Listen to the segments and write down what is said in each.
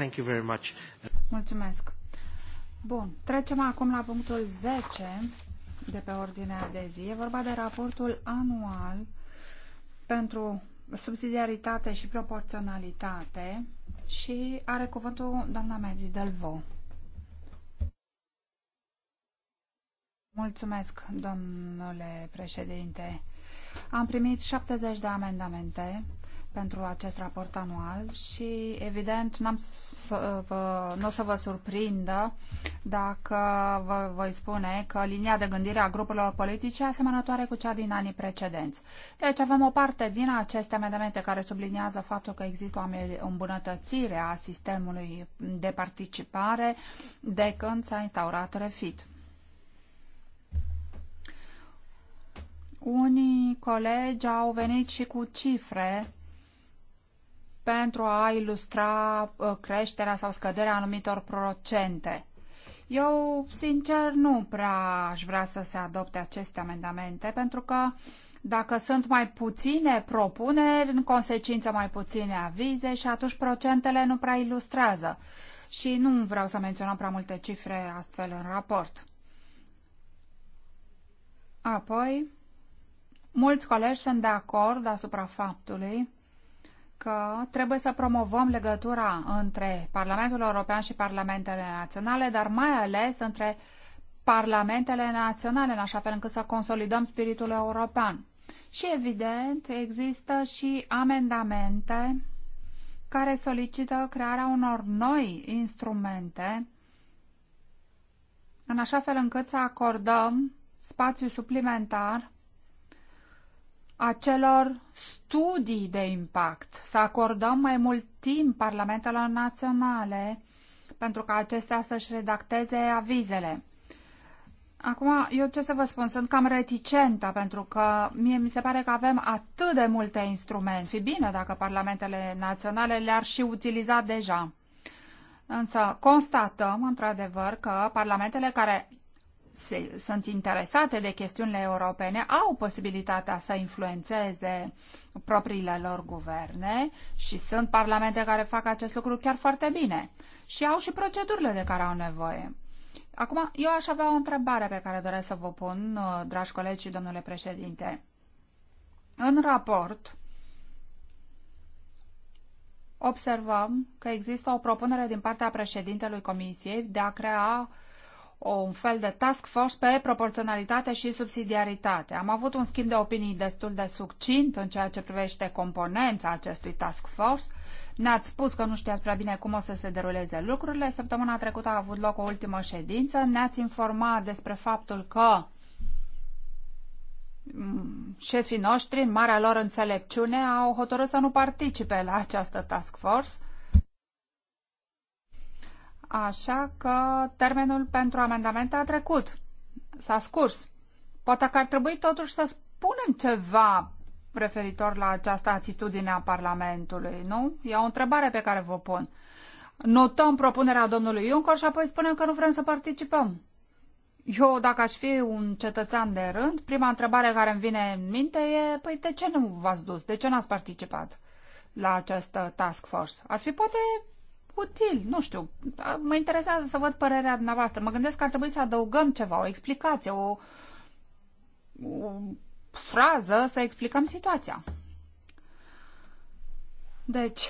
Thank you very much. Mulțumesc. Bun, trecem acum la punctul 10 de pe ordinea de zi. E vorba de raportul anual pentru subsidiaritate și proporționalitate și are cuvântul doamna Medi Delvo. Mulțumesc, domnule președinte. Am primit 70 de amendamente pentru acest raport anual și, evident, n-am să, vă, nu o să vă surprindă dacă vă voi spune că linia de gândire a grupurilor politice e asemănătoare cu cea din anii precedenți. Deci avem o parte din aceste amendamente care subliniază faptul că există o îmbunătățire a sistemului de participare de când s-a instaurat refit. Unii colegi au venit și cu cifre pentru a ilustra uh, creșterea sau scăderea anumitor procente. Eu, sincer, nu prea aș vrea să se adopte aceste amendamente, pentru că dacă sunt mai puține propuneri, în consecință mai puține avize și atunci procentele nu prea ilustrează. Și nu vreau să menționăm prea multe cifre astfel în raport. Apoi, mulți colegi sunt de acord asupra faptului că trebuie să promovăm legătura între Parlamentul European și Parlamentele Naționale, dar mai ales între Parlamentele Naționale, în așa fel încât să consolidăm spiritul european. Și evident, există și amendamente care solicită crearea unor noi instrumente, în așa fel încât să acordăm spațiu suplimentar acelor studii de impact, să acordăm mai mult timp parlamentelor naționale pentru ca acestea să-și redacteze avizele. Acum, eu ce să vă spun, sunt cam reticentă pentru că mie mi se pare că avem atât de multe instrumente. Fi bine dacă parlamentele naționale le-ar și utiliza deja. Însă constatăm, într-adevăr, că parlamentele care se, sunt interesate de chestiunile europene au posibilitatea să influențeze propriile lor guverne și sunt parlamente care fac acest lucru chiar foarte bine și au și procedurile de care au nevoie. Acum, eu aș avea o întrebare pe care doresc să vă pun, uh, dragi colegi și domnule președinte. În raport observăm că există o propunere din partea președintelui Comisiei de a crea uh, un fel de task force pe proporționalitate și subsidiaritate. Am avut un schimb de opinii destul de succint în ceea ce privește componența acestui task force. Ne-ați spus că nu știați prea bine cum o să se deruleze lucrurile. Săptămâna trecută a avut loc o ultimă ședință. Ne-ați informat despre faptul că mm, șefii noștri, în marea lor înțelepciune, au hotărât să nu participe la această task force – așa că termenul pentru amendamente a trecut, s-a scurs. Poate că ar trebui totuși să spunem ceva referitor la această atitudine a Parlamentului, nu? E o întrebare pe care vă pun. Notăm propunerea domnului Juncker și apoi spunem că nu vrem să participăm. Eu, dacă aș fi un cetățean de rând, prima întrebare care îmi vine în minte e, păi de ce nu v-ați dus? De ce n-ați participat la această task force? Ar fi poate util, nu știu, mă interesează să văd părerea dumneavoastră. Mă gândesc că ar trebui să adăugăm ceva, o explicație, o, o frază să explicăm situația. Deci,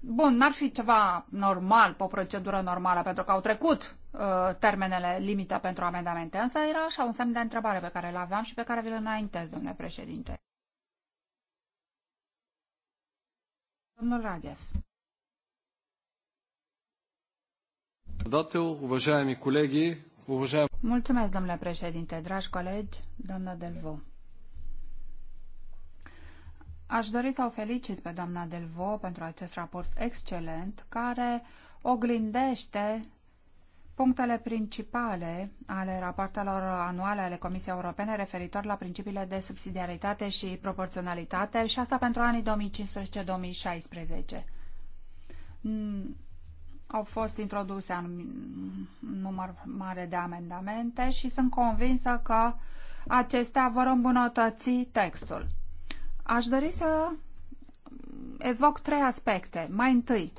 bun, n-ar fi ceva normal, pe o procedură normală, pentru că au trecut uh, termenele limită pentru amendamente, însă era așa un semn de întrebare pe care îl aveam și pe care vi-l înaintez, domnule președinte. Domnul Radev. Mulțumesc, domnule președinte, dragi colegi, doamna Delvo. Aș dori să o felicit pe doamna Delvo pentru acest raport excelent care oglindește punctele principale ale rapoartelor anuale ale Comisiei Europene referitor la principiile de subsidiaritate și proporționalitate și asta pentru anii 2015-2016 au fost introduse un număr mare de amendamente și sunt convinsă că acestea vor îmbunătăți textul. Aș dori să evoc trei aspecte. Mai întâi,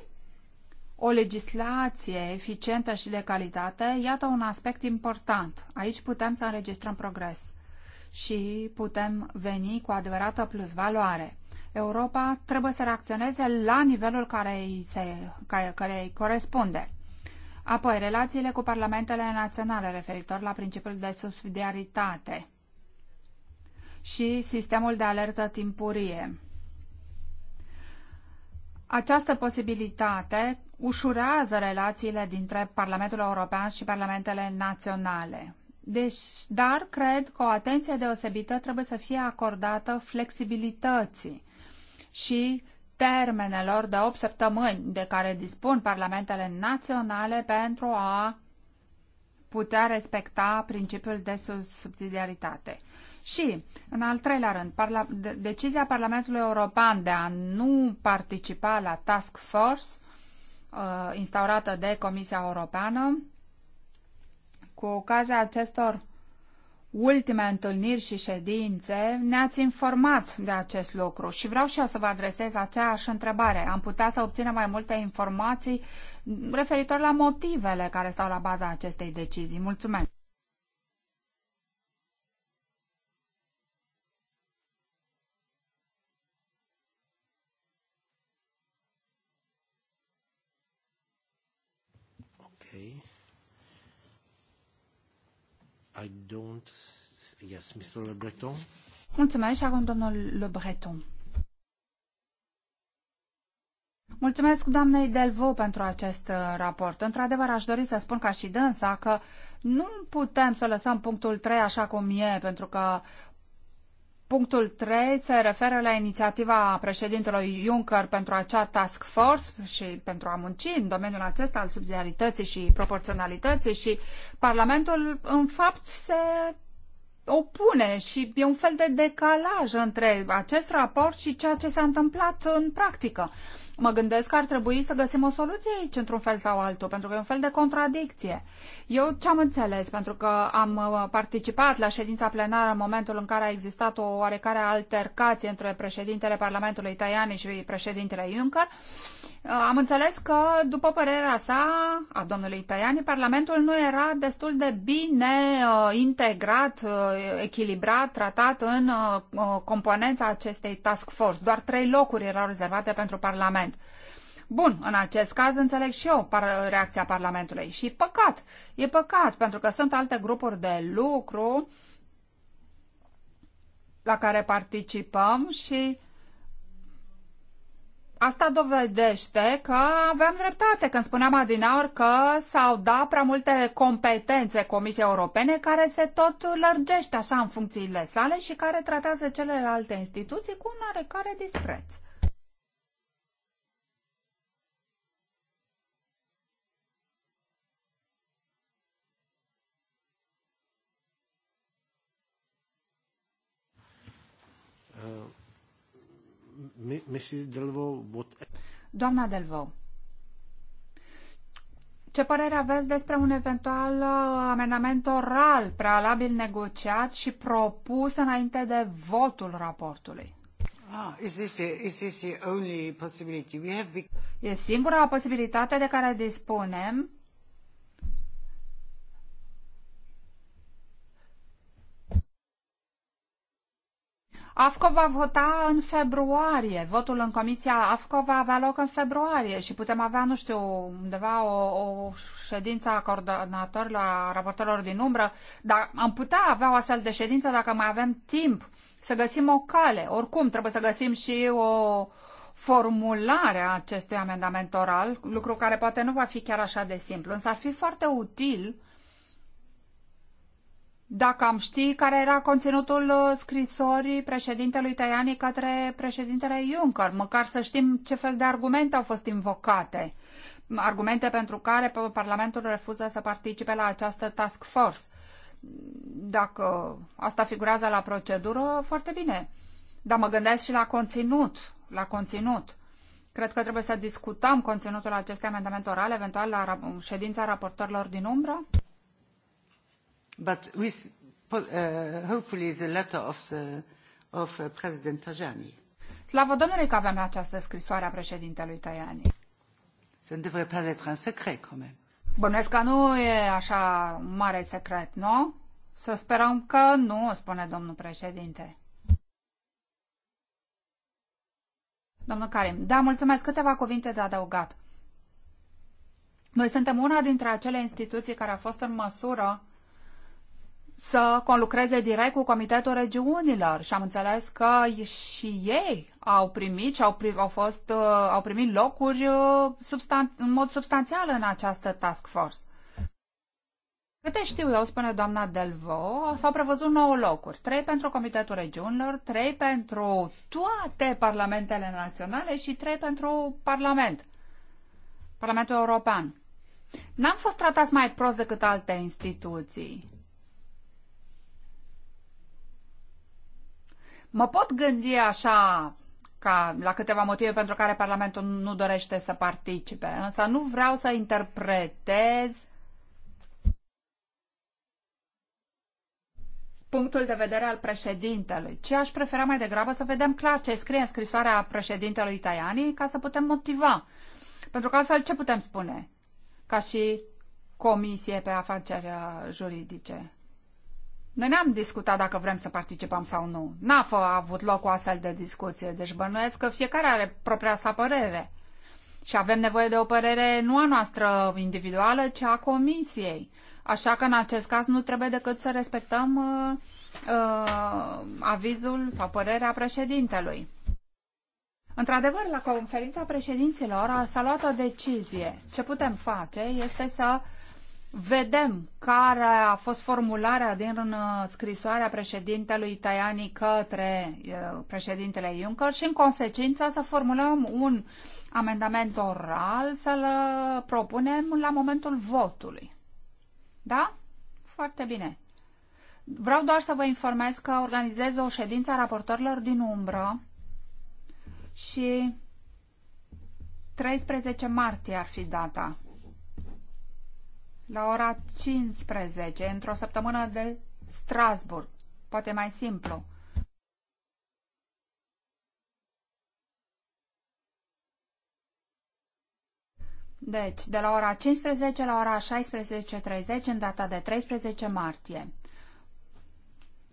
o legislație eficientă și de calitate, iată un aspect important. Aici putem să înregistrăm progres și putem veni cu adevărată plusvaloare. Europa trebuie să reacționeze la nivelul care îi, se, care, care îi corespunde. Apoi, relațiile cu parlamentele naționale referitor la principiul de subsidiaritate și sistemul de alertă timpurie. Această posibilitate ușurează relațiile dintre Parlamentul European și parlamentele naționale. Deci, dar cred că o atenție deosebită trebuie să fie acordată flexibilității și termenelor de 8 săptămâni de care dispun parlamentele naționale pentru a putea respecta principiul de subsidiaritate. Și, în al treilea rând, parla- de- decizia Parlamentului European de a nu participa la task force uh, instaurată de Comisia Europeană, cu ocazia acestor ultime întâlniri și ședințe ne-ați informat de acest lucru și vreau și eu să vă adresez aceeași întrebare. Am putea să obținem mai multe informații referitor la motivele care stau la baza acestei decizii. Mulțumesc! Okay. I don't... Yes, Mr. Le Breton. Mulțumesc acum domnul Le Breton. Mulțumesc doamnei Delvo pentru acest uh, raport. Într-adevăr, aș dori să spun ca și dânsa că nu putem să lăsăm punctul 3 așa cum e, pentru că Punctul 3 se referă la inițiativa președintelui Juncker pentru acea task force și pentru a munci în domeniul acesta al subsidiarității și proporționalității și Parlamentul, în fapt, se opune și e un fel de decalaj între acest raport și ceea ce s-a întâmplat în practică. Mă gândesc că ar trebui să găsim o soluție aici, într-un fel sau altul, pentru că e un fel de contradicție. Eu ce am înțeles, pentru că am uh, participat la ședința plenară în momentul în care a existat o oarecare altercație între președintele Parlamentului Tajani și președintele Juncker, uh, am înțeles că, după părerea sa, a domnului Tajani, Parlamentul nu era destul de bine uh, integrat, echilibrat, tratat în componența acestei task force. Doar trei locuri erau rezervate pentru Parlament. Parlament. Bun, în acest caz înțeleg și eu par- reacția Parlamentului. Și păcat, e păcat, pentru că sunt alte grupuri de lucru la care participăm și asta dovedește că aveam dreptate când spuneam adinaur că s-au dat prea multe competențe Comisiei Europene care se tot lărgește așa în funcțiile sale și care tratează celelalte instituții cu un oarecare dispreț. Doamna Delvaux, ce părere aveți despre un eventual uh, amendament oral prealabil negociat și propus înainte de votul raportului? Ah, E singura posibilitate de care dispunem AFCO va vota în februarie. Votul în Comisia AFCO va avea loc în februarie și putem avea, nu știu, undeva o, o ședință a coordonatorilor, a raportorilor din umbră, dar am putea avea o astfel de ședință dacă mai avem timp să găsim o cale. Oricum, trebuie să găsim și o formulare a acestui amendament oral, lucru care poate nu va fi chiar așa de simplu, însă ar fi foarte util uh, dacă am ști care era conținutul uh, scrisorii președintelui Tajani către președintele Juncker, măcar să știm ce fel de argumente au fost invocate, argumente pentru care Parlamentul refuză să participe la această task force. Dacă asta figurează la procedură, foarte bine. Dar mă gândesc și la conținut, la conținut. Cred că trebuie să discutăm conținutul acestui amendament oral, eventual la ședința raportorilor din umbră but with uh, hopefully the letter of, the, of uh, President Tajani. Slavă Domnului că avem această scrisoare a președintelui Tajani. Să nu devrait pas être un secret, quand même. Bănuiesc că nu e așa mare secret, nu? Să sperăm că nu, spune domnul președinte. Domnul Karim, da, mulțumesc. Câteva cuvinte de adăugat. Noi suntem una dintre acele instituții care a fost în măsură să conlucreze direct cu Comitetul Regiunilor și am înțeles că și ei au primit și au, pri- au, fost, uh, au primit locuri uh, în mod substanțial în această task force. Câte știu eu, spune doamna Delvo, s-au prevăzut 9 locuri. 3 pentru Comitetul Regiunilor, 3 pentru toate parlamentele naționale și 3 pentru Parlament, Parlamentul European. N-am fost tratați mai prost decât alte instituții. Mă pot gândi așa ca la câteva motive pentru care Parlamentul nu dorește să participe, însă nu vreau să interpretez punctul de vedere al președintelui, Ce aș prefera mai degrabă să vedem clar ce scrie în scrisoarea președintelui Tajani ca să putem motiva. Pentru că altfel ce putem spune? Ca și comisie pe afaceri uh, juridice. Noi n-am discutat dacă vrem să participăm sau nu. N-a avut loc o astfel de discuție, deci bănuiesc că fiecare are propria sa părere. Și avem nevoie de o părere nu a noastră individuală, ci a comisiei. Așa că în acest caz nu trebuie decât să respectăm uh, uh, avizul sau părerea președintelui. Într-adevăr, la conferința președinților s-a luat o decizie. Ce putem face este să Vedem care a fost formularea din uh, scrisoarea președintelui Tajani către uh, președintele Juncker și în consecință să formulăm un amendament oral să-l uh, propunem la momentul votului. Da? Foarte bine. Vreau doar să vă informez că organizez o ședință a raportorilor din umbră și 13 martie ar fi data la ora 15, într-o săptămână de Strasburg. Poate mai simplu. Deci, de la ora 15 la ora 16.30 în data de 13 martie.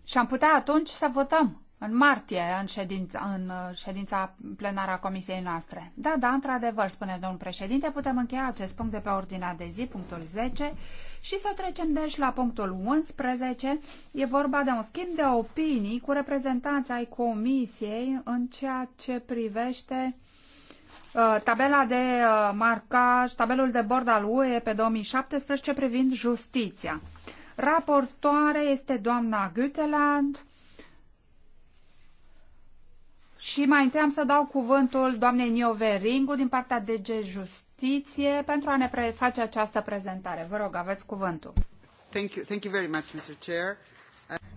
Și am putea atunci să votăm în martie, în ședința, în uh, ședința plenară a comisiei noastre. Da, da, într-adevăr, spune domnul președinte, putem încheia acest punct de pe ordinea de zi, punctul 10, și să trecem deci la punctul 11. E vorba de un schimb de opinii cu reprezentanța ai comisiei în ceea ce privește uh, tabela de uh, marcaj, tabelul de bord al UE pe 2017 privind justiția. Raportoare este doamna Güteland, și mai întâi am să dau cuvântul doamnei Niove Ringu din partea DG Justiție pentru a ne face această prezentare. Vă rog, aveți cuvântul. Thank you, thank you very much, Mr. Chair.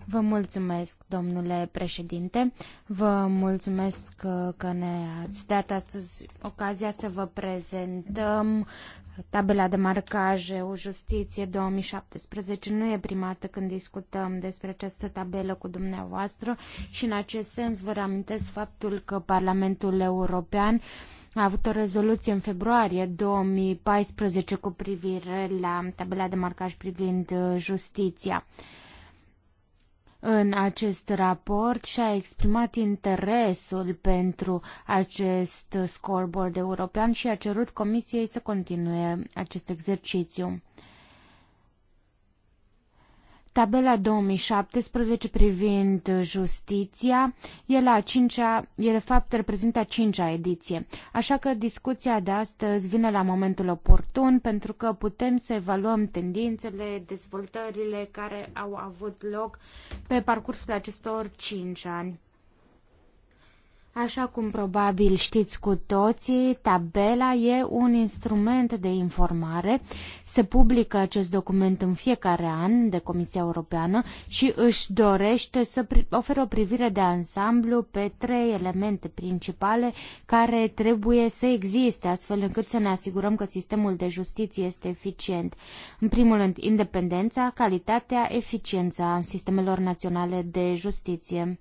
Vă mulțumesc, domnule președinte. Vă mulțumesc că ne-ați dat astăzi ocazia să vă prezentăm tabela de marcaje, o justiție 2017. Nu e prima dată când discutăm despre această tabelă cu dumneavoastră și în acest sens vă reamintesc faptul că Parlamentul European a avut o rezoluție în februarie 2014 cu privire la tabela de marcaj privind uh, justiția. Uh, în acest raport și a exprimat interesul pentru acest scoreboard european și a cerut Comisiei să continue acest exercițiu. Tabela 2017 privind justiția e, la cincea. e de fapt reprezintă a cincea ediție. Așa că discuția de astăzi vine la momentul oportun pentru că putem să evaluăm tendințele, dezvoltările care au avut loc pe parcursul acestor cinci ani. Așa cum probabil știți cu toții, tabela e un instrument de informare. Se publică acest document în fiecare an de Comisia Europeană și își dorește să ofere o privire de ansamblu pe trei elemente principale care trebuie să existe, astfel încât să ne asigurăm că sistemul de justiție este eficient. În primul rând, independența, calitatea, eficiența sistemelor naționale de justiție.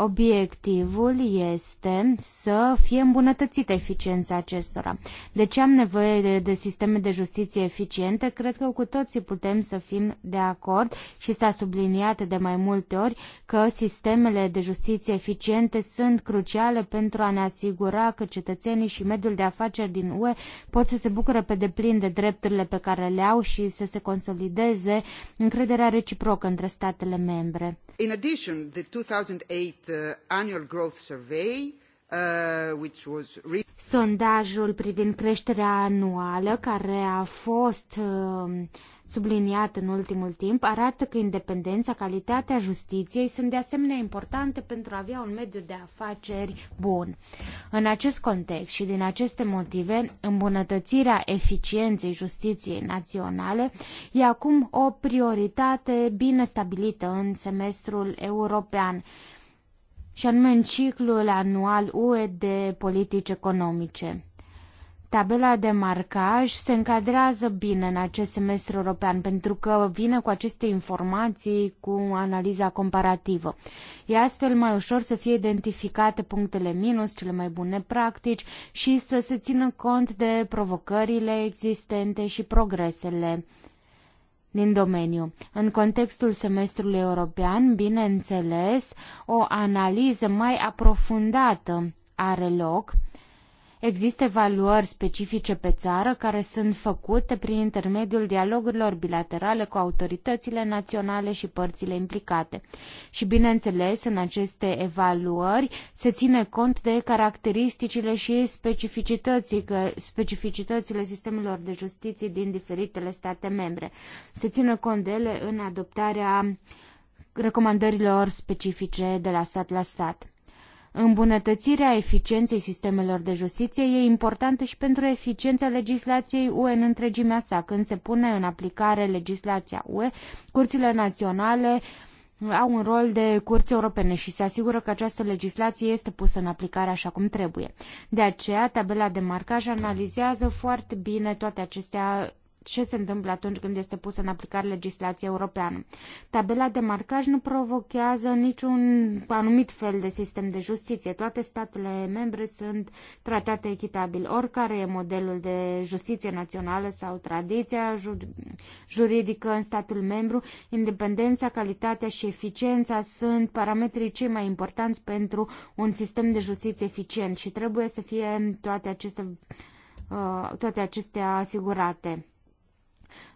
Obiectivul este să fie îmbunătățită eficiența acestora. De ce am nevoie de, de sisteme de justiție eficiente? Cred că cu toții putem să fim de acord și s-a subliniat de mai multe ori că sistemele de justiție eficiente sunt cruciale pentru a ne asigura că cetățenii și mediul de afaceri din UE pot să se bucure pe deplin de drepturile pe care le au și să se consolideze încrederea reciprocă între statele membre. In addition, the 2008 Uh, annual growth survey Uh, which was... Sondajul privind creșterea anuală, care a fost uh, subliniat în ultimul timp, arată că independența, calitatea justiției sunt de asemenea importante pentru a avea un mediu de afaceri bun. În acest context și din aceste motive, îmbunătățirea eficienței justiției naționale e acum o prioritate bine stabilită în semestrul european și anume în ciclul anual UE de politici economice. Tabela de marcaj se încadrează bine în acest semestru european pentru că vine cu aceste informații cu analiza comparativă. E astfel mai ușor să fie identificate punctele minus, cele mai bune practici și să se țină cont de provocările existente și progresele din domeniu. În contextul semestrului european, bineînțeles, o analiză mai aprofundată are loc Există evaluări specifice pe țară care sunt făcute prin intermediul dialogurilor bilaterale cu autoritățile naționale și părțile implicate. Și bineînțeles, în aceste evaluări se ține cont de caracteristicile și specificitățile sistemelor de justiție din diferitele state membre. Se ține cont de ele în adoptarea recomandărilor specifice de la stat la stat. Îmbunătățirea eficienței sistemelor de justiție e importantă și pentru eficiența legislației UE în întregimea sa. Când se pune în aplicare legislația UE, curțile naționale uh, au un rol de curți europene și se asigură că această legislație este pusă în aplicare așa cum trebuie. De aceea, tabela de marcaj analizează foarte bine toate acestea ce se întâmplă atunci când este pusă în aplicare legislația europeană. Tabela de marcaj nu provochează niciun anumit fel de sistem de justiție. Toate statele membre sunt tratate echitabil. Oricare e modelul de justiție națională sau tradiția juridică în statul membru, independența, calitatea și eficiența sunt parametrii cei mai importanți pentru un sistem de justiție eficient și trebuie să fie toate aceste uh, toate acestea asigurate.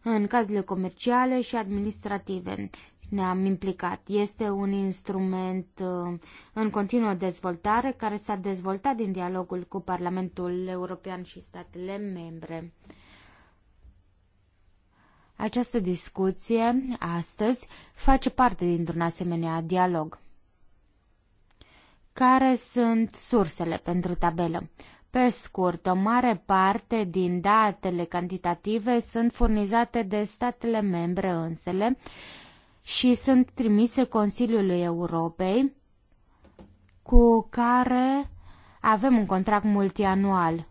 În cazurile comerciale și administrative ne-am implicat. Este un instrument uh, în continuă dezvoltare care s-a dezvoltat din dialogul cu Parlamentul European și statele membre. Această discuție astăzi face parte dintr-un asemenea dialog. Care sunt sursele pentru tabelă? Pe scurt, o mare parte din datele cantitative sunt furnizate de statele membre însele și sunt trimise Consiliului Europei, cu care avem un contract multianual.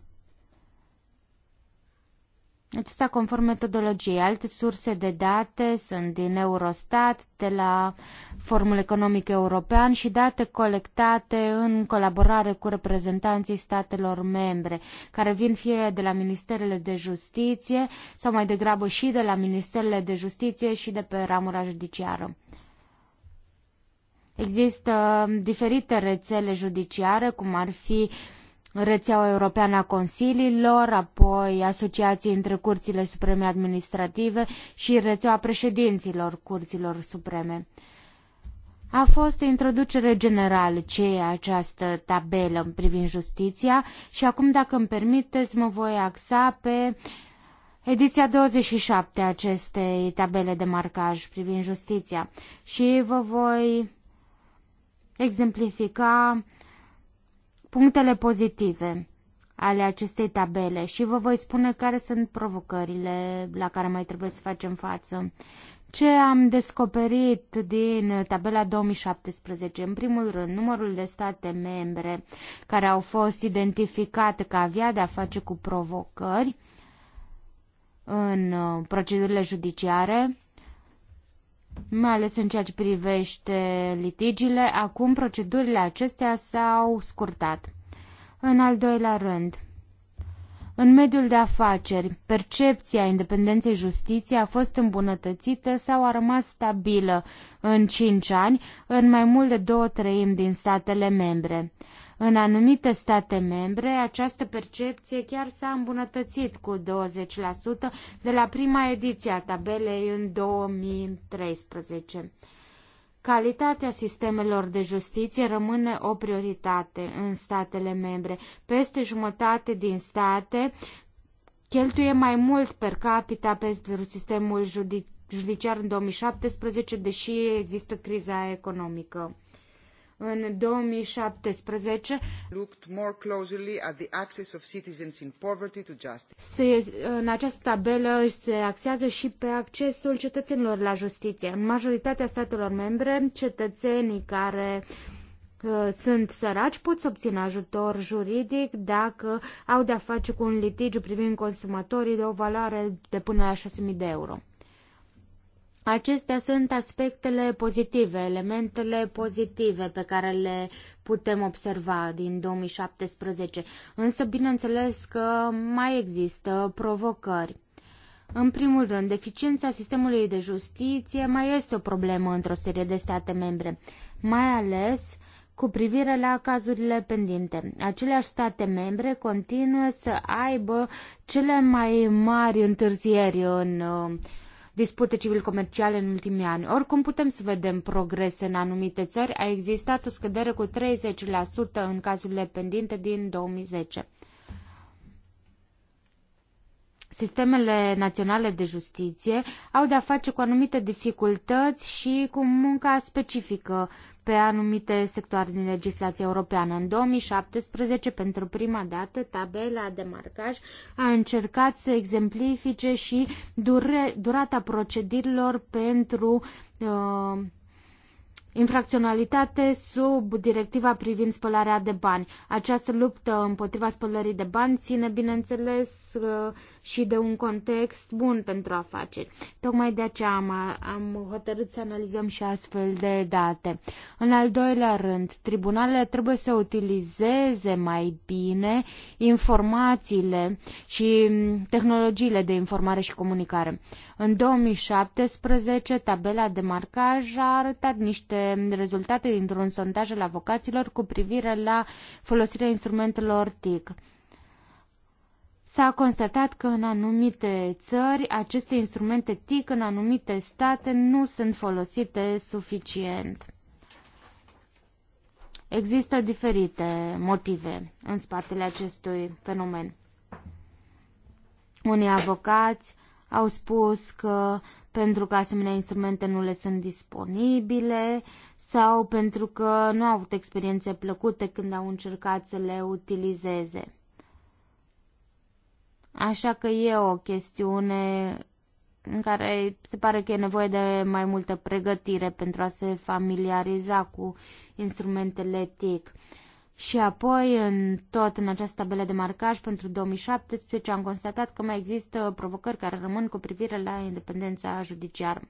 Acesta conform metodologiei. Alte surse de date sunt din Eurostat, de la Formul Economic European și date colectate în colaborare cu reprezentanții statelor membre, care vin fie de la Ministerele de Justiție sau mai degrabă și de la Ministerele de Justiție și de pe ramura judiciară. Există diferite rețele judiciare, cum ar fi uh, rețeaua europeană a consiliilor, apoi asociații între curțile supreme administrative și rețeaua președinților curților supreme. A fost o introducere generală ce e această tabelă privind justiția și acum, dacă îmi permiteți, mă voi axa pe ediția 27 a acestei tabele de marcaj privind justiția și vă voi exemplifica uh, punctele pozitive ale acestei tabele și vă voi spune care sunt provocările la care mai trebuie să facem față. Ce am descoperit din tabela 2017? În primul rând, numărul de state membre care au fost identificate ca avea de-a face cu provocări în uh, procedurile judiciare mai ales în ceea ce privește litigiile, acum procedurile acestea s-au scurtat. În al doilea rând, în mediul de afaceri, percepția independenței justiției a fost îmbunătățită sau a rămas stabilă în 5 ani în mai mult de două treimi din statele membre. În anumite state membre, această percepție chiar s-a îmbunătățit cu 20% de la prima ediție a tabelei în 2013. Calitatea sistemelor de justiție rămâne o prioritate în statele membre. Peste jumătate din state cheltuie mai mult per capita pentru sistemul judiciar în 2017, deși există criza economică în 2017 se, în această tabelă se axează și pe accesul cetățenilor la justiție. În majoritatea statelor membre, cetățenii care uh, sunt săraci, pot să obțină ajutor juridic dacă au de-a face cu un litigiu privind consumatorii de o valoare de până la 6.000 de euro. Acestea sunt aspectele pozitive, elementele pozitive pe care le putem observa din 2017, însă bineînțeles că mai există provocări. În primul rând, deficiența sistemului de justiție mai este o problemă într-o serie de state membre, mai ales cu privire la cazurile pendinte. Aceleași state membre continuă să aibă cele mai mari întârzieri în uh, dispute civil-comerciale în ultimii ani. Oricum putem să vedem progrese în anumite țări. A existat o scădere cu 30% în cazurile pendinte din 2010. Sistemele naționale de justiție au de-a face cu anumite dificultăți și cu munca specifică pe anumite sectoare din legislația europeană. În 2017, pentru prima dată, tabela de marcaj a încercat să exemplifice și dure, durata procedurilor pentru uh, infracționalitate sub directiva privind spălarea de bani. Această luptă împotriva spălării de bani ține, bineînțeles, uh, și de un context bun pentru afaceri. Tocmai de aceea am, am hotărât să analizăm și astfel de date. În al doilea rând, tribunalele trebuie să utilizeze mai bine informațiile și mm, tehnologiile de informare și comunicare. În 2017, tabela de marcaj a arătat niște rezultate dintr-un sondaj al avocaților cu privire la folosirea instrumentelor TIC. S-a constatat că în anumite țări aceste instrumente TIC în anumite state nu sunt folosite suficient. Există diferite motive în spatele acestui fenomen. Unii avocați au spus că pentru că asemenea instrumente nu le sunt disponibile sau pentru că nu au avut experiențe plăcute când au încercat să le utilizeze. Așa că e o chestiune în care se pare că e nevoie de mai multă pregătire pentru a se familiariza cu instrumentele TIC. Și apoi, în tot în această tabelă de marcaj pentru 2017, am constatat că mai există provocări care rămân cu privire la independența judiciară.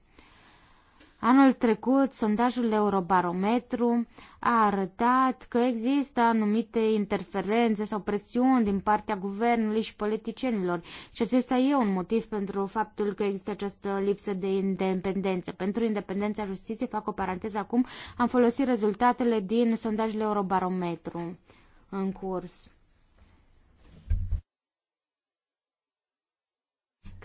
Anul trecut, sondajul Eurobarometru a arătat că există anumite interferențe sau presiuni din partea guvernului și politicienilor și acesta e un motiv pentru faptul că există această lipsă de independență. Pentru independența justiției, fac o paranteză acum, am folosit rezultatele din sondajul Eurobarometru în curs.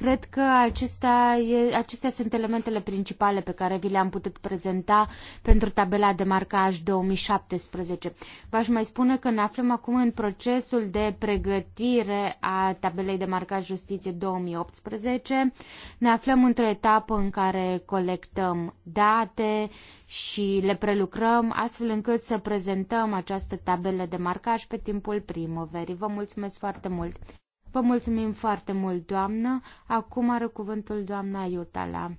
Cred că acestea, e, acestea sunt elementele principale pe care vi le-am putut prezenta pentru tabela de marcaj 2017. V-aș mai spune că ne aflăm acum în procesul de pregătire a tabelei de marcaj justiție 2018. Ne aflăm într-o etapă în care colectăm date și le prelucrăm astfel încât să prezentăm această tabelă de marcaj pe timpul primăverii. Vă mulțumesc foarte mult! Vă mulțumim foarte mult, doamnă. Acum are cuvântul doamna Iutala.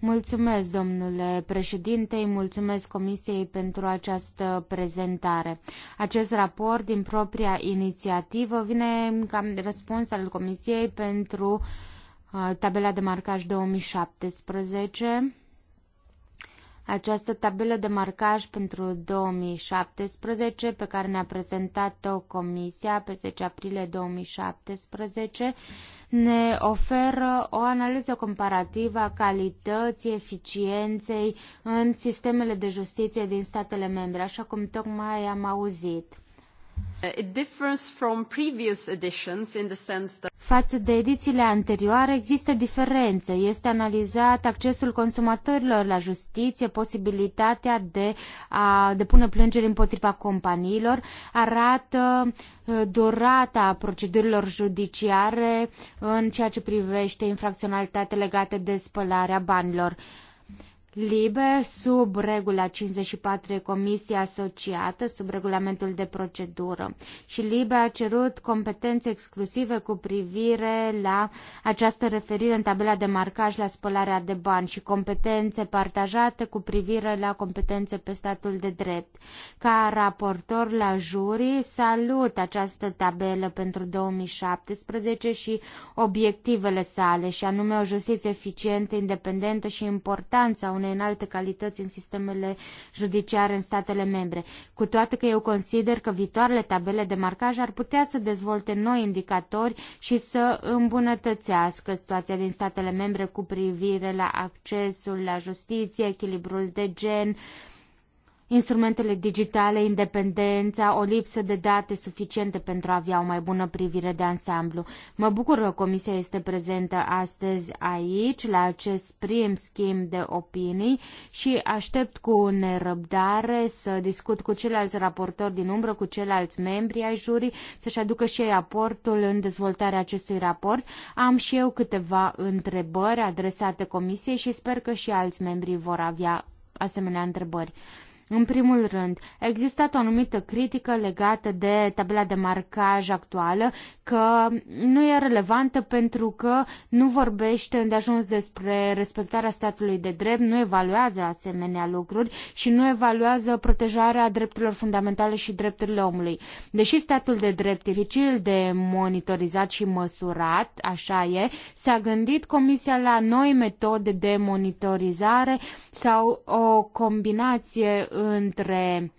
Mulțumesc, domnule președinte, mulțumesc Comisiei pentru această prezentare. Acest raport, din propria inițiativă, vine ca răspuns al Comisiei pentru uh, tabela de marcaj 2017 această tabelă de marcaj pentru 2017, pe care ne-a prezentat-o Comisia pe 10 aprilie 2017, ne oferă o analiză comparativă a calității, eficienței în sistemele de justiție din statele membre, așa cum tocmai am auzit. Față de edițiile anterioare există diferențe. Este analizat accesul consumatorilor la justiție, posibilitatea de a depune plângeri împotriva companiilor, arată uh, durata procedurilor judiciare în ceea ce privește infracționalitatea legată de spălarea banilor libe sub regula 54 Comisie Asociată, sub regulamentul de procedură. Și libe a cerut competențe exclusive cu privire la această referire în tabela de marcaj la spălarea de bani și competențe partajate cu privire la competențe pe statul de drept. Ca raportor la juri, salut această tabelă pentru 2017 și obiectivele sale, și anume o justiție eficientă, independentă și importanța unei înalte calități în sistemele judiciare în statele membre. Cu toate că eu consider că viitoarele tabele de marcaj ar putea să dezvolte noi indicatori și să îmbunătățească situația din statele membre cu privire la accesul la justiție, echilibrul de gen, uh, instrumentele digitale, independența, o lipsă de date suficiente pentru a avea o mai bună privire de ansamblu. Mă bucur că Comisia este prezentă astăzi aici, la acest prim schimb de opinii și aștept cu nerăbdare să discut cu ceilalți raportori din umbră, cu ceilalți membri ai jurii, să-și aducă și ei aportul în dezvoltarea acestui raport. Am și eu câteva întrebări adresate Comisiei și sper că și alți membri vor avea asemenea întrebări. În primul rând, a existat o anumită critică legată de tabela de marcaj actuală că nu e relevantă pentru că nu vorbește îndeajuns despre respectarea statului de drept, nu evaluează asemenea lucruri și nu evaluează protejarea drepturilor fundamentale și drepturile omului. Deși statul de drept e dificil de monitorizat și măsurat, așa e, s-a gândit Comisia la noi metode de monitorizare sau o combinație între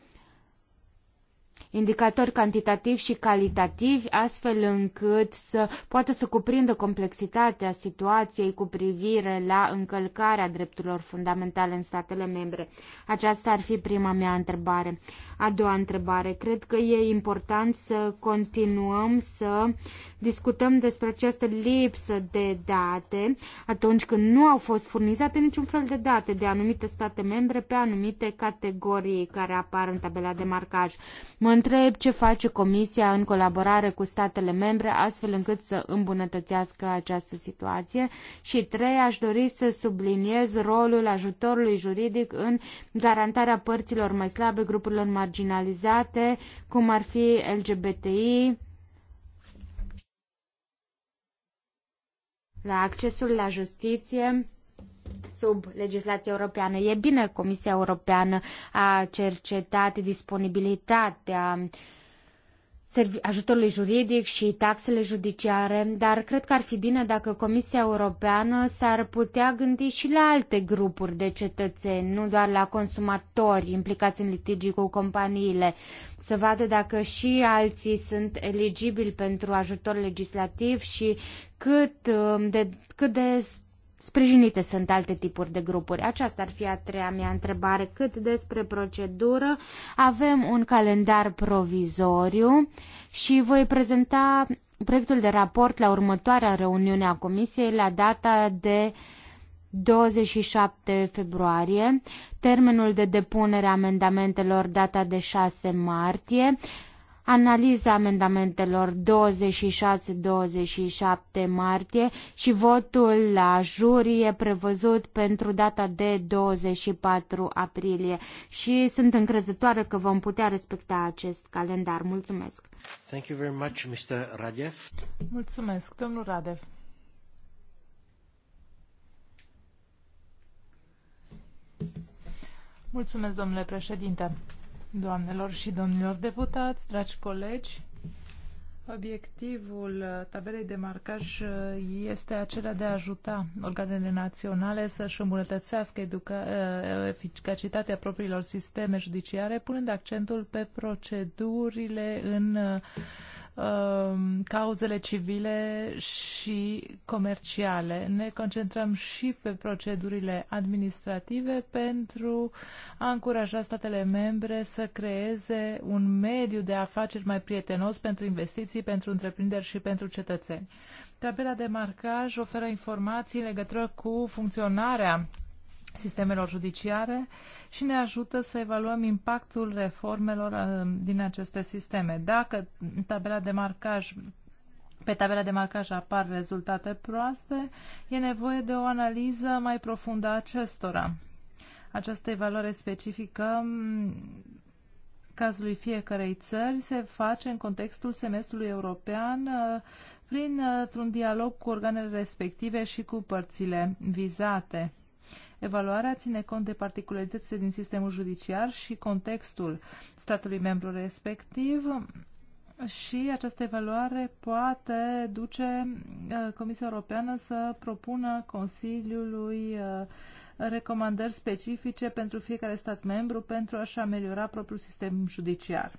indicatori cantitativi și calitativi, astfel încât să poată să cuprindă complexitatea situației cu privire la încălcarea drepturilor fundamentale în statele membre. Aceasta ar fi prima mea întrebare. A doua întrebare. Cred că e important să continuăm să discutăm despre această lipsă de date atunci când nu au fost furnizate niciun fel de date de anumite state membre pe anumite categorii care apar în tabela de marcaj. Mă întreb ce face Comisia în colaborare cu statele membre astfel încât să îmbunătățească această situație și trei, aș dori să subliniez rolul ajutorului juridic în garantarea părților mai slabe, grupurilor marginalizate, cum ar fi LGBTI, la accesul la justiție sub legislația europeană. E bine, Comisia Europeană a cercetat disponibilitatea uh, ajutorului juridic și taxele judiciare, dar cred că ar fi bine dacă Comisia Europeană s-ar putea gândi și la alte grupuri de cetățeni, nu doar la consumatori implicați în litigii cu companiile, să vadă dacă și alții sunt eligibili pentru ajutor legislativ și cât um, de, cât de sprijinite sunt alte tipuri de grupuri. Aceasta ar fi a treia mea întrebare. Cât despre procedură, avem un calendar provizoriu și voi prezenta proiectul de raport la următoarea reuniune a Comisiei la data de 27 februarie, termenul de depunere a amendamentelor data de 6 martie, analiza amendamentelor 26-27 martie și votul la juri e prevăzut pentru data de 24 aprilie și sunt încrezătoare că vom putea respecta acest calendar. Mulțumesc! Thank you very much, Mr. Radev. Mulțumesc, domnul Radev. Mulțumesc, domnule președinte. Doamnelor și domnilor deputați, dragi colegi, obiectivul tabelei de marcaj este acela de a ajuta organele naționale să-și îmbunătățească eh, eficacitatea propriilor sisteme judiciare, punând accentul pe procedurile în uh, Um, cauzele civile și comerciale. Ne concentrăm și pe procedurile administrative pentru a încuraja statele membre să creeze un mediu de afaceri mai prietenos pentru investiții, pentru întreprinderi și pentru cetățeni. Tabela de marcaj oferă informații în legătură cu funcționarea sistemelor judiciare și ne ajută să evaluăm impactul reformelor uh, din aceste sisteme. Dacă tabela de marcaj pe tabela de marcaj apar rezultate proaste, e nevoie de o analiză mai profundă a acestora. Această evaluare specifică cazului fiecarei țări se face în contextul semestrului european uh, printr-un uh, dialog cu organele respective și cu părțile vizate. Evaluarea ține cont de particularitățile din sistemul judiciar și contextul statului membru respectiv și această evaluare poate duce uh, Comisia Europeană să propună Consiliului uh, recomandări specifice pentru fiecare stat membru pentru a-și ameliora propriul sistem judiciar.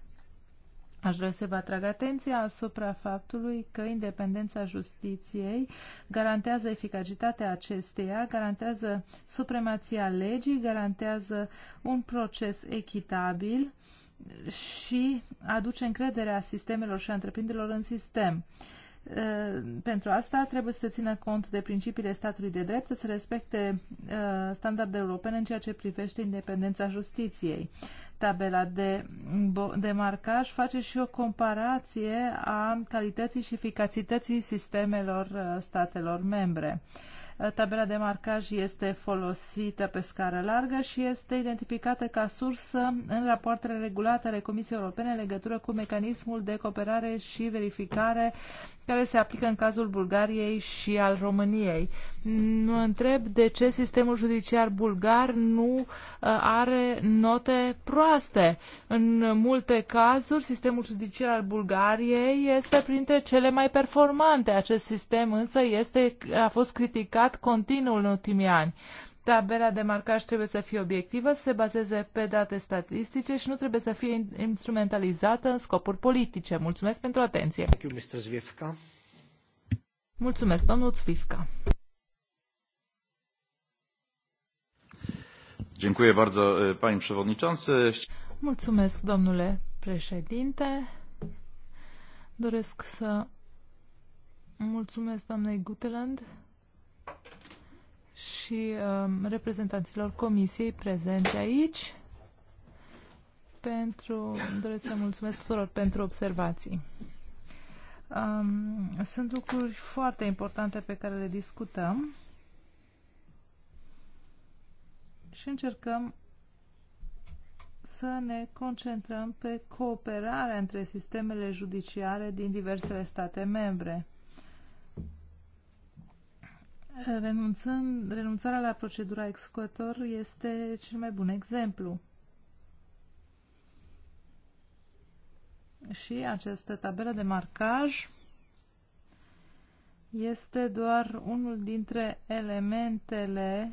Aș vrea să vă atrag atenția asupra faptului că independența justiției garantează eficacitatea acesteia, garantează supremația legii, garantează un proces echitabil și aduce încrederea sistemelor și a întreprinderilor în sistem. Eh, pentru asta trebuie să se țină cont de principiile statului de drept, să se respecte eh, standarde europene în ceea ce privește independența justiției. Tabela de, de marcaj face și o comparație a calității și eficacității sistemelor eh, statelor membre. Tabela de marcaj este folosită pe scară largă și este identificată ca sursă în rapoartele regulate ale Comisiei Europene în legătură cu mecanismul de cooperare și verificare care se aplică în cazul Bulgariei și al României. Nu întreb de ce sistemul judiciar bulgar nu uh, are note proaste. În multe cazuri, sistemul judiciar al Bulgariei este printre cele mai performante. Acest sistem însă este, a fost criticat evoluat continuu în ultimii ani. Tabela de marcaj trebuie să fie obiectivă, să se bazeze pe date statistice și nu trebuie să fie instrumentalizată în scopuri politice. Mulțumesc pentru atenție. Mulțumesc, domnul Zvifka. Dziękuję bardzo, panie przewodniczący. Mulțumesc, domnule președinte. Doresc să mulțumesc doamnei Guteland și um, reprezentanților comisiei prezenți aici. Pentru, doresc să mulțumesc tuturor pentru observații. Um, sunt lucruri foarte importante pe care le discutăm și încercăm să ne concentrăm pe cooperarea între sistemele judiciare din diversele state membre renunțând, renunțarea la procedura executor este cel mai bun exemplu. Și această tabelă de marcaj este doar unul dintre elementele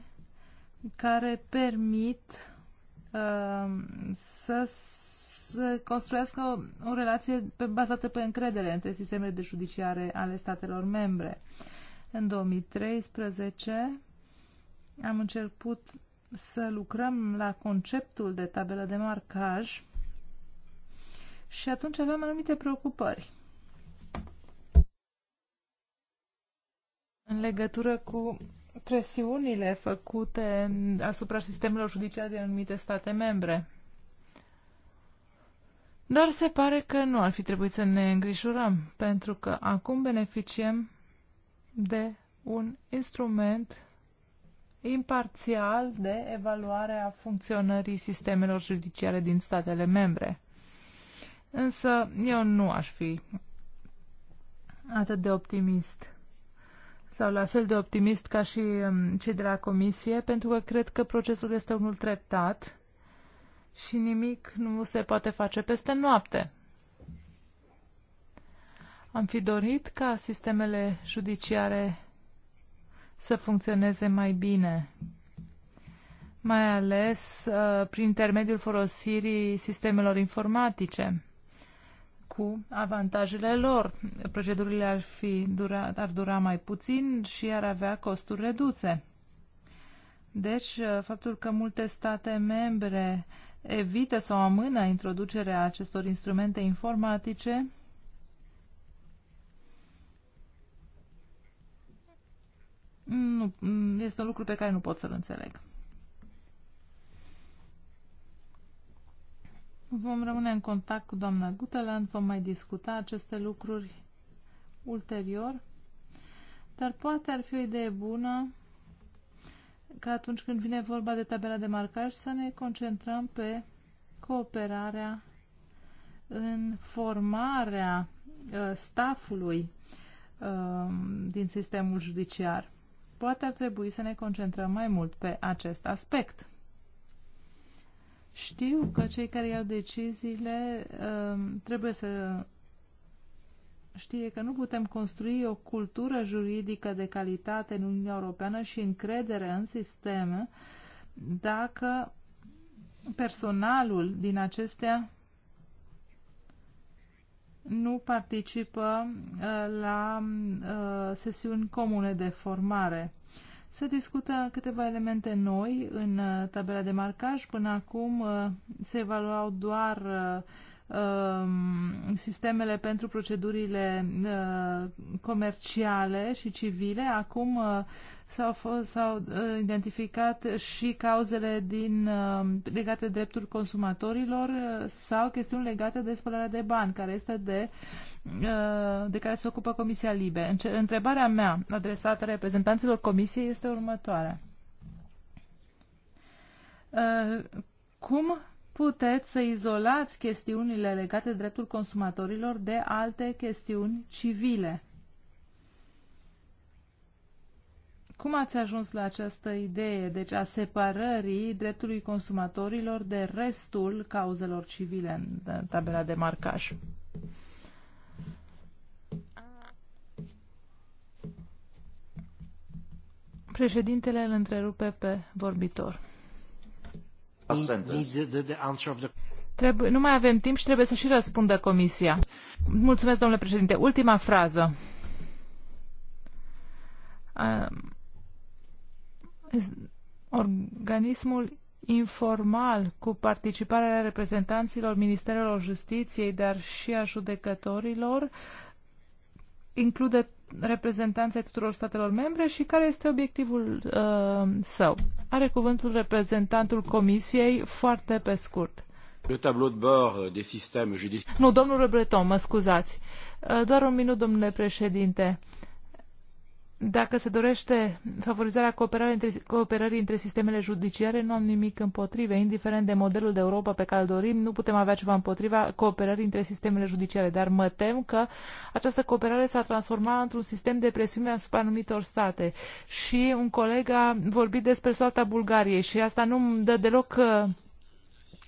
care permit uh, să să construiască o, o relație pe, bazată pe încredere între sistemele de judiciare ale statelor membre. Uh, în 2013 am început să lucrăm la conceptul de tabelă de marcaj și atunci aveam anumite preocupări. În legătură cu presiunile făcute asupra sistemelor judiciare din anumite state membre. Dar se pare că nu ar fi trebuit să ne îngrijorăm, pentru că acum beneficiem de un instrument imparțial de evaluare a funcționării sistemelor judiciare din statele membre. Însă eu nu aș fi atât de optimist sau la fel de optimist ca și um, cei de la comisie, pentru că cred că procesul este unul treptat și nimic nu se poate face peste noapte. Am fi dorit ca sistemele judiciare să funcționeze mai bine, mai ales uh, prin intermediul folosirii sistemelor informatice cu avantajele lor. Procedurile ar, fi dura, ar dura mai puțin și ar avea costuri reduse. Deci, uh, faptul că multe state membre evită sau amână introducerea acestor instrumente informatice Nu, este un lucru pe care nu pot să-l înțeleg. Vom rămâne în contact cu doamna Guteland, vom mai discuta aceste lucruri ulterior, dar poate ar fi o idee bună că atunci când vine vorba de tabela de marcaj să ne concentrăm pe cooperarea în formarea uh, staffului uh, din sistemul judiciar. Poate ar trebui să ne concentrăm mai mult pe acest aspect. Știu că cei care iau deciziile um, trebuie să știe că nu putem construi o cultură juridică de calitate în Uniunea Europeană și încredere în sisteme dacă personalul din acestea nu participă uh, la uh, sesiuni comune de formare. Se discută câteva elemente noi în uh, tabela de marcaj. Până acum se evaluau doar Um, sistemele pentru procedurile uh, comerciale și civile. Acum uh, s-au, fost, s-au uh, identificat și cauzele din, legate de drepturi consumatorilor sau chestiuni legate de spălarea de bani, care este de, de care se ocupă Comisia Libe. Întrebarea mea adresată reprezentanților Comisiei este următoarea. Cum puteți să izolați chestiunile legate de dreptul consumatorilor de alte chestiuni civile. Cum ați ajuns la această idee, deci a separării dreptului consumatorilor de restul cauzelor civile în tabela de marcaj? Președintele îl întrerupe pe vorbitor. Trebuie, nu mai avem timp și trebuie să și răspundă comisia. Mulțumesc, domnule președinte. Ultima frază. organismul informal cu participarea reprezentanților Ministerelor Justiției, dar și a judecătorilor, include reprezentanței tuturor statelor membre și care este obiectivul uh, său. Are cuvântul reprezentantul Comisiei foarte pe scurt. Le tableau de bord uh, des systèmes judiciaires. Nu, domnul Breton, mă scuzați. Uh, doar un minut, domnule președinte. Dacă se dorește favorizarea cooperării între, cooperării între sistemele judiciare, nu am nimic împotrivă. Indiferent de modelul de Europa pe care îl dorim, nu putem avea ceva împotriva cooperării între sistemele judiciare. Dar mă tem că această cooperare s-a transformat într-un sistem de presiune asupra anumitor state. Și un coleg a vorbit despre soarta Bulgariei și asta nu îmi dă deloc uh,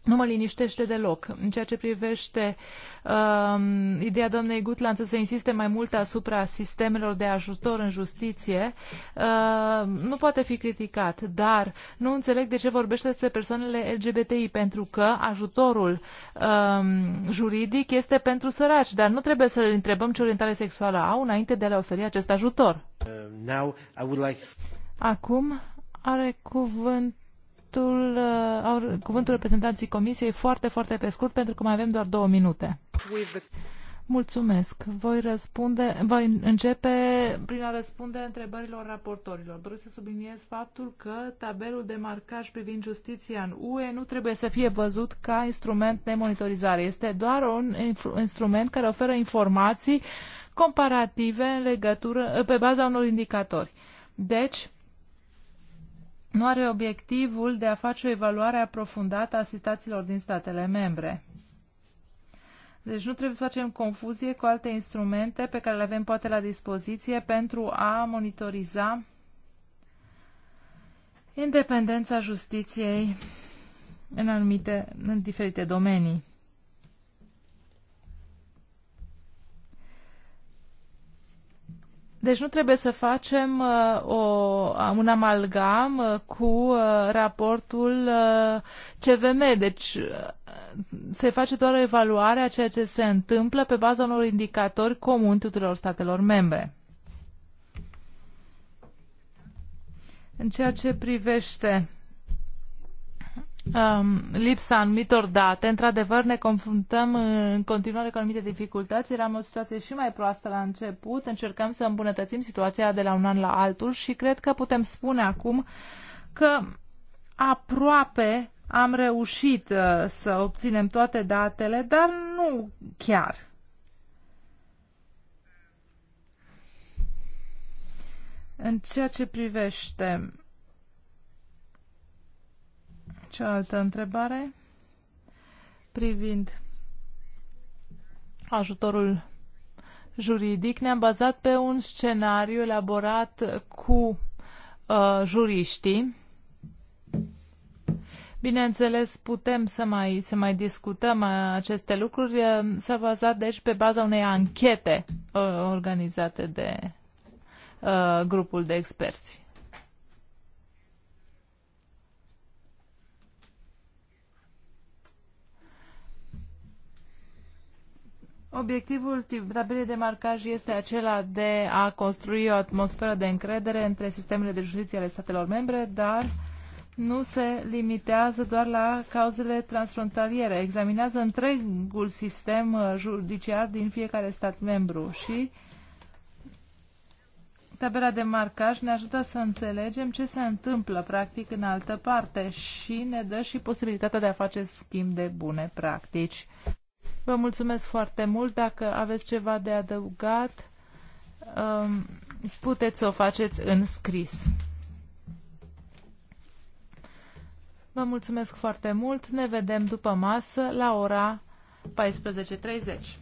nu mă liniștește deloc. În ceea ce privește um, uh, ideea doamnei Gutland să se insiste mai mult asupra sistemelor de ajutor în justiție, uh, nu poate fi criticat, dar nu înțeleg de ce vorbește despre persoanele LGBTI, pentru că ajutorul um, uh, juridic este pentru săraci, dar nu trebuie să le întrebăm ce orientare sexuală au înainte de a le oferi acest ajutor. Uh, now I would like... Acum are cuvânt cuvântul, uh, cuvântul reprezentanții Comisiei foarte, foarte pe scurt, pentru că mai avem doar două minute. Mulțumesc. Voi răspunde, voi începe prin a răspunde întrebărilor raportorilor. Doresc să subliniez faptul că tabelul de marcaj privind justiția în UE nu trebuie să fie văzut ca instrument de monitorizare. Este doar un instrument care oferă informații comparative în legătură, pe baza unor indicatori. Deci, nu are obiectivul de a face o evaluare aprofundată a situațiilor din statele membre. Deci nu trebuie să facem confuzie cu alte instrumente pe care le avem poate la dispoziție pentru a monitoriza independența justiției în anumite, în diferite domenii. Deci nu trebuie să facem uh, o, un amalgam uh, cu uh, raportul uh, CVM. Deci uh, se face doar o evaluare a ceea ce se întâmplă pe baza unor indicatori comuni tuturor statelor membre. În ceea ce privește Um, lipsa anumitor date. Într-adevăr, ne confruntăm uh, în continuare cu anumite dificultăți. Eram o situație și mai proastă la început. Încercăm să îmbunătățim situația de la un an la altul și cred că putem spune acum că aproape am reușit uh, să obținem toate datele, dar nu chiar. În ceea ce privește Cealaltă întrebare privind ajutorul juridic ne-am bazat pe un scenariu elaborat cu uh, juriștii. Bineînțeles, putem să mai, să mai discutăm uh, aceste lucruri. Uh, s-a bazat, deci, pe baza unei anchete uh, organizate de uh, grupul de experți. Obiectivul tabelei de marcaj este acela de a construi o atmosferă de încredere între sistemele de justiție ale statelor membre, dar nu se limitează doar la cauzele transfrontaliere, examinează întregul sistem uh, judiciar din fiecare stat membru și tabela de marcaj ne ajută să înțelegem ce se întâmplă practic în altă parte și ne dă și posibilitatea de a face schimb de bune practici. Vă mulțumesc foarte mult. Dacă aveți ceva de adăugat, um, puteți să o faceți în scris. Vă mulțumesc foarte mult. Ne vedem după masă la ora 14.30.